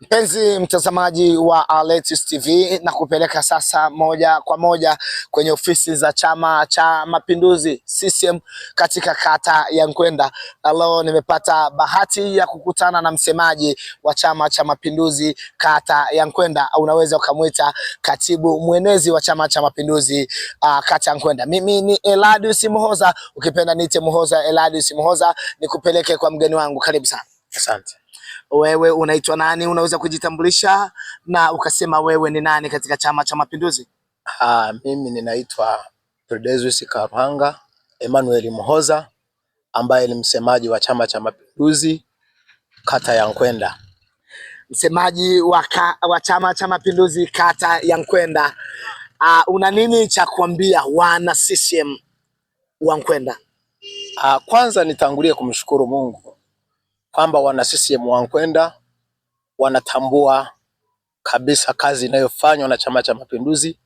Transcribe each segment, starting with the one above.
Mpenzi mtazamaji wa Aletius TV na kupeleka sasa moja kwa moja kwenye ofisi za Chama cha Mapinduzi CCM katika kata ya Nkwenda. na Leo nimepata bahati ya kukutana na msemaji wa Chama cha Mapinduzi kata ya Nkwenda, unaweza ukamwita katibu mwenezi wa Chama cha Mapinduzi uh, kata ya Nkwenda. Mimi ni Eladius Muhoza, ukipenda niite Muhoza, Eladius Muhoza, nikupeleke kwa mgeni wangu, karibu sana. Asante. Wewe unaitwa nani? Unaweza kujitambulisha na ukasema wewe ni nani katika Chama cha Mapinduzi? Ah, mimi ninaitwa Prodeus Karanga Emmanuel Mhoza ambaye ni msemaji wa Chama cha Mapinduzi kata ya Nkwenda. Msemaji wa Chama cha Mapinduzi kata ya Nkwenda. Uh, una nini cha kuambia wana CCM wa Nkwenda? Uh, kwanza nitangulie kumshukuru Mungu kwamba wana CCM Wankwenda wanatambua kabisa kazi inayofanywa na Chama cha Mapinduzi,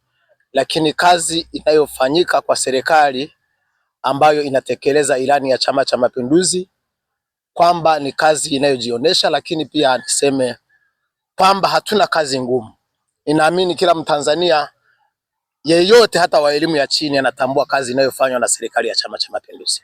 lakini kazi inayofanyika kwa serikali ambayo inatekeleza ilani ya Chama cha Mapinduzi kwamba ni kazi inayojionyesha, lakini pia niseme kwamba hatuna kazi ngumu. Ninaamini kila Mtanzania yeyote hata wa elimu ya chini anatambua kazi inayofanywa na serikali ya Chama cha Mapinduzi.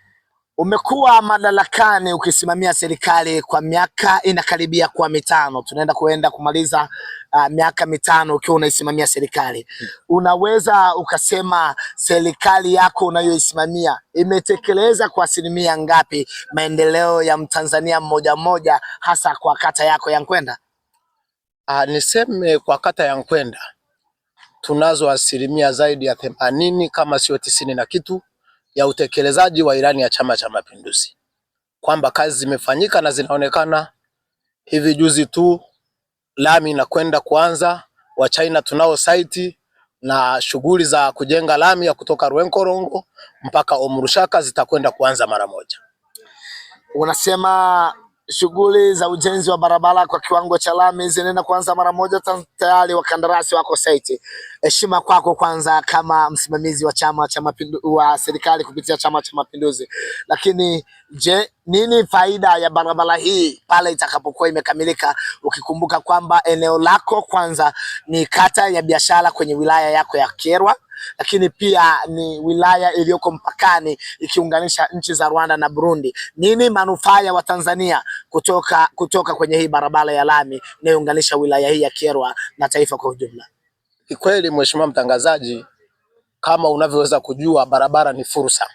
Umekuwa madarakani ukisimamia serikali kwa miaka inakaribia kwa mitano, tunaenda kuenda kumaliza uh, miaka mitano ukiwa unaisimamia serikali hmm. Unaweza ukasema serikali yako unayoisimamia imetekeleza kwa asilimia ngapi maendeleo ya Mtanzania mmoja mmoja, hasa kwa kata yako ya Nkwenda? Uh, niseme kwa kata ya Nkwenda tunazo asilimia zaidi ya themanini kama sio tisini na kitu ya utekelezaji wa ilani ya Chama cha Mapinduzi kwamba kazi zimefanyika na zinaonekana. Hivi juzi tu lami inakwenda kuanza, wa China tunao saiti na shughuli za kujenga lami ya kutoka Rwenkorongo mpaka Omrushaka zitakwenda kuanza mara moja. Unasema shughuli za ujenzi wa barabara kwa kiwango cha lami zinaenda kuanza mara moja, tayari wakandarasi wako site. Heshima kwako kwanza kama msimamizi wa chama cha mapinduzi wa serikali kupitia Chama cha Mapinduzi. Lakini je, nini faida ya barabara hii pale itakapokuwa imekamilika, ukikumbuka kwamba eneo lako kwanza ni kata ya biashara kwenye wilaya yako ya Kyerwa lakini pia ni wilaya iliyoko mpakani ikiunganisha nchi za Rwanda na Burundi. Nini manufaa ya Watanzania kutoka, kutoka kwenye hii barabara ya lami inayounganisha wilaya hii ya Kyerwa na taifa kwa ujumla? Kikweli mheshimiwa mtangazaji, kama unavyoweza kujua, barabara ni fursa,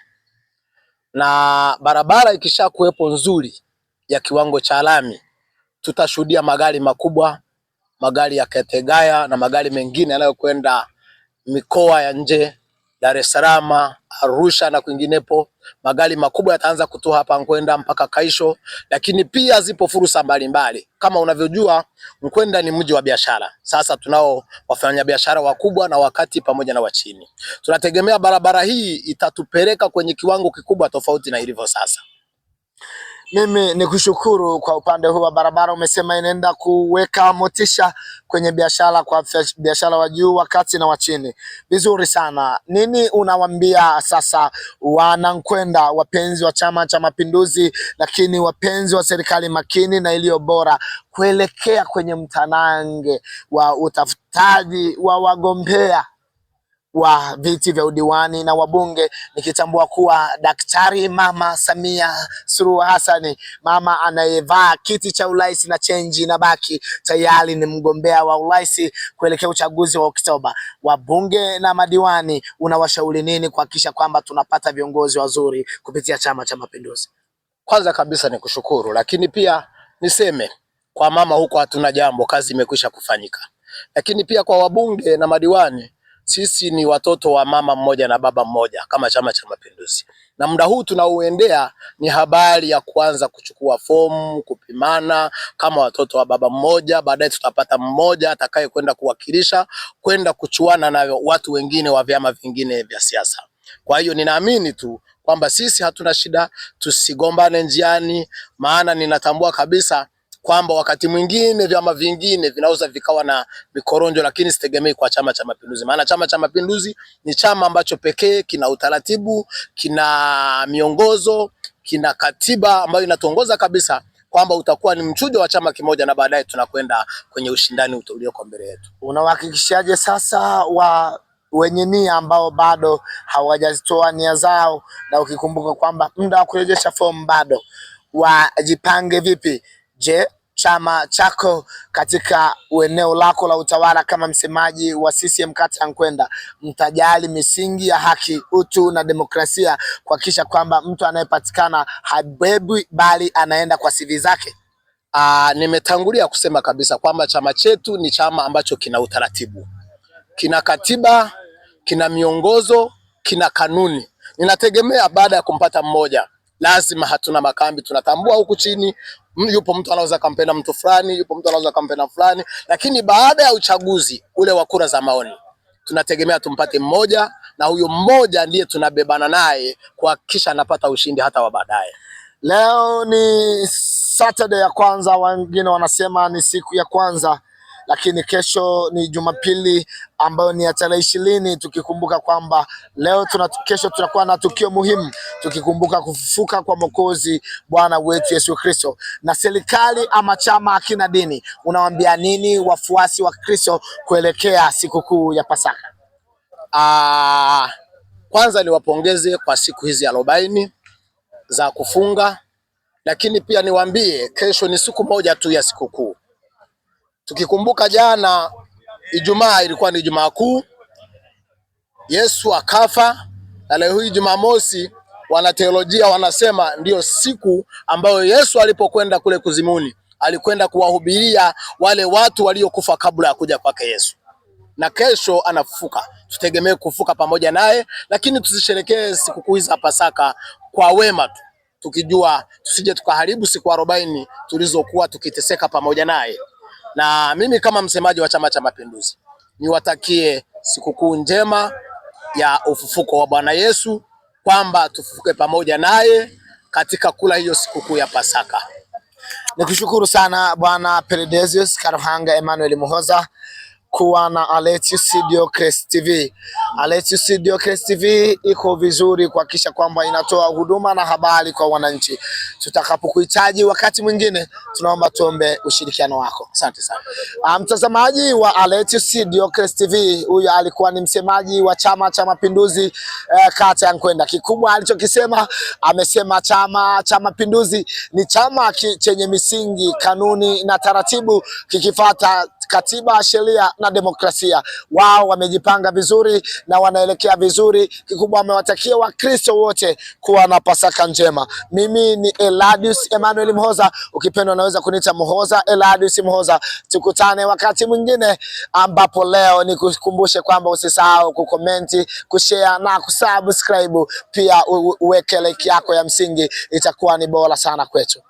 na barabara ikisha kuwepo nzuri ya kiwango cha lami, tutashuhudia magari makubwa, magari ya ketegaya na magari mengine yanayokwenda mikoa ya nje, Dar es Salaam, Arusha na kwinginepo. Magari makubwa yataanza kutoa hapa Nkwenda mpaka Kaisho, lakini pia zipo fursa mbalimbali. Kama unavyojua, Nkwenda ni mji wa biashara. Sasa tunao wafanyabiashara wakubwa na wakati pamoja na wachini. Tunategemea barabara hii itatupeleka kwenye kiwango kikubwa tofauti na ilivyo sasa. Mimi ni kushukuru kwa upande huu wa barabara, umesema inaenda kuweka motisha kwenye biashara kwa biashara wa juu, wa kati na wa chini. Vizuri sana. Nini unawaambia sasa wanankwenda, wapenzi wa Chama cha Mapinduzi, lakini wapenzi wa serikali makini na iliyo bora kuelekea kwenye mtanange wa utafutaji wa wagombea wa viti vya udiwani na wabunge, nikitambua kuwa Daktari Mama Samia Suluhu Hassan, mama anayevaa kiti cha urais na chenji na baki, tayari ni mgombea wa urais kuelekea uchaguzi wa Oktoba. Wabunge na madiwani, unawashauri nini kuhakikisha kwamba tunapata viongozi wazuri kupitia Chama cha Mapinduzi? Kwanza kabisa ni kushukuru, lakini pia niseme kwa mama huko hatuna jambo, kazi imekwisha kufanyika. Lakini pia kwa wabunge na madiwani sisi ni watoto wa mama mmoja na baba mmoja kama Chama cha Mapinduzi, na muda huu tunaoendea ni habari ya kuanza kuchukua fomu, kupimana kama watoto wa baba mmoja. Baadaye tutapata mmoja atakaye kwenda kuwakilisha, kwenda kuchuana na watu wengine wa vyama vingine vya siasa. Kwa hiyo ninaamini tu kwamba sisi hatuna shida, tusigombane njiani, maana ninatambua kabisa kwamba wakati mwingine vyama vingine vinaweza vikawa na mikoronjo, lakini sitegemei kwa Chama cha Mapinduzi, maana Chama cha Mapinduzi ni chama ambacho pekee kina utaratibu, kina miongozo, kina katiba ambayo inatuongoza kabisa kwamba utakuwa ni mchujo wa chama kimoja na baadaye tunakwenda kwenye ushindani ulioko mbele yetu. Unawahakikishaje sasa wa wenye nia ambao bado hawajazitoa nia zao, na ukikumbuka kwamba muda wa kurejesha fomu bado, wajipange vipi Je, chama chako katika eneo lako la utawala kama msemaji wa CCM kata Nkwenda mtajali misingi ya haki, utu na demokrasia kuhakikisha kwamba mtu anayepatikana habebwi bali anaenda kwa siri zake? Aa, ah, nimetangulia kusema kabisa kwamba chama chetu ni chama ambacho kina utaratibu, kina katiba, kina miongozo, kina kanuni. Ninategemea baada ya kumpata mmoja lazima hatuna makambi, tunatambua huku chini yupo mtu anaweza kampena mtu fulani, yupo mtu anaweza kampena fulani, lakini baada ya uchaguzi ule wa kura za maoni tunategemea tumpate mmoja, na huyo mmoja ndiye tunabebana naye kuhakikisha anapata ushindi hata wa baadaye. Leo ni Saturday ya kwanza, wengine wanasema ni siku ya kwanza lakini kesho ni Jumapili ambayo ni ya tarehe ishirini, tukikumbuka kwamba leo tuna, kesho tunakuwa na tukio muhimu tukikumbuka kufufuka kwa Mwokozi Bwana wetu Yesu Kristo. Na serikali ama chama hakina dini, unawaambia nini wafuasi wa Kristo kuelekea sikukuu ya Pasaka? Aa, ah, kwanza niwapongeze kwa siku hizi arobaini za kufunga, lakini pia niwaambie kesho ni siku moja tu ya sikukuu Tukikumbuka jana Ijumaa ilikuwa ni Ijumaa Kuu, Yesu akafa, na leo hii Jumamosi wanateolojia wanasema ndiyo siku ambayo Yesu alipokwenda kule kuzimuni, alikwenda kuwahubiria wale watu waliokufa kabla ya kuja kwake Yesu, na kesho anafufuka, tutegemee kufuka pamoja naye, lakini tusisherekee sikukuu za Pasaka kwa wema tu, tukijua tusije tukaharibu siku arobaini tulizokuwa tukiteseka pamoja naye. Na mimi kama msemaji wa Chama cha Mapinduzi niwatakie sikukuu njema ya ufufuko wa Bwana Yesu, kwamba tufufuke pamoja naye katika kula hiyo sikukuu ya Pasaka. Nikushukuru sana Bwana Peredesius Karuhanga Emmanuel Muhoza kuwa na Aletius Diocles TV. Aletius Diocles TV iko vizuri kuhakikisha kwamba inatoa huduma na habari kwa wananchi. Tutakapokuhitaji wakati mwingine, tunaomba tuombe ushirikiano wako. Asante sana ah, mtazamaji wa Aletius Diocles TV. Huyu alikuwa ni msemaji wa Chama cha Mapinduzi eh, kata ya Nkwenda. Kikubwa alichokisema amesema Chama cha Mapinduzi ni chama chenye misingi, kanuni na taratibu kikifata katiba, sheria na demokrasia. Wao wamejipanga vizuri na wanaelekea vizuri. Kikubwa wamewatakia Wakristo wote kuwa na Pasaka njema. Mimi ni Eladius Emmanuel Mhoza, ukipenda unaweza kuniita Mhoza, Eladius Mhoza. Tukutane wakati mwingine, ambapo leo nikukumbushe kwamba usisahau kukomenti, kushare na kusubscribe, pia uweke like yako ya msingi, itakuwa ni bora sana kwetu.